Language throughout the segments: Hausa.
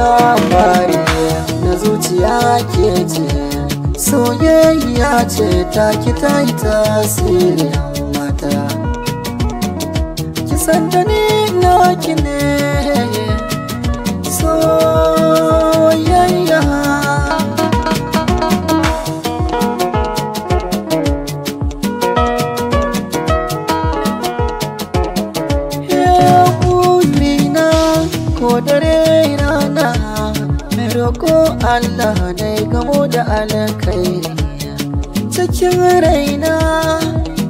labari na zuciya ke ce soyayya ce ta ki ta yi tasiri mata ki santa ni na ki ne soyayya Kodare ko Allah dai gamo da alakai cikin raina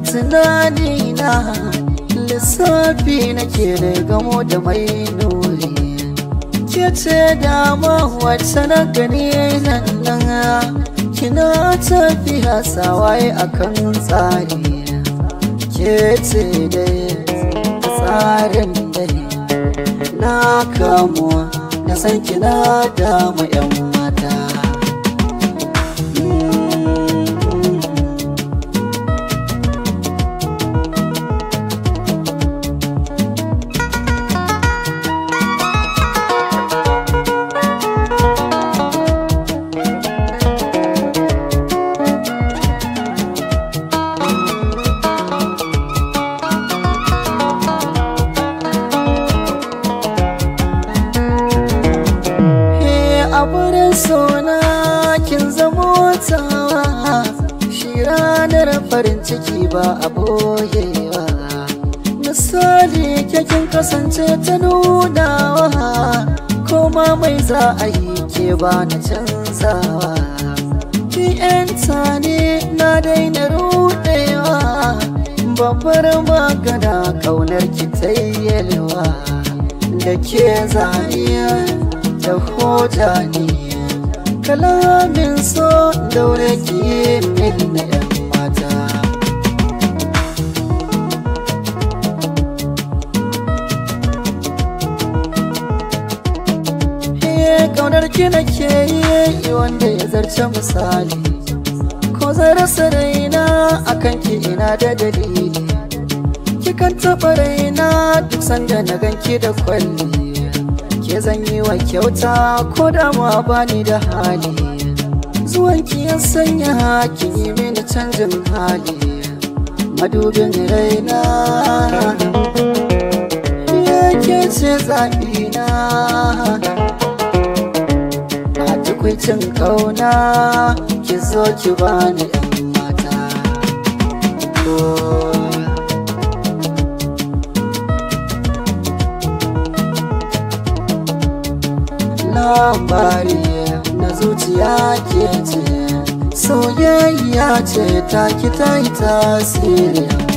tunanina lissafi nake da gamo da mai nuri ke ce dama wata na gani nan nan kina tafi hasawaye kan tsari ke ce dai tsarin dai na kamuwa na san kina da 'yan mata sona kin zamo tsawa shi ranar farin ciki ba a boyewa misali kin kasance ta nunawa koma mai za a yi ke ba na canzawa ki yanta ne na daina rudewa babbar magana kaunar ki tayyelwa da ke zaniya da hota ne kalamin so daure ki na yan mata kaunar ki nake yi wanda ya zarce misali ko zai rasa raina akan ki ina da dalili kikan taɓa raina duk sanda na ganki da kwalli zan yi wa kyauta ko da bani da hali zuwanki ya sanya kin yi mini canjin hali madubin raina ya ke ce zaɓina a tukwicin ƙauna ki zo ki bani ɗan mata oh. labari na zuciya ke ce soyayya ce ta ki ta yi tasiri